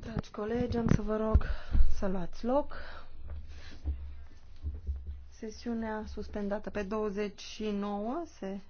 Dragi colegi, am să vă rog să luați loc. Sesiunea suspendată pe 29 se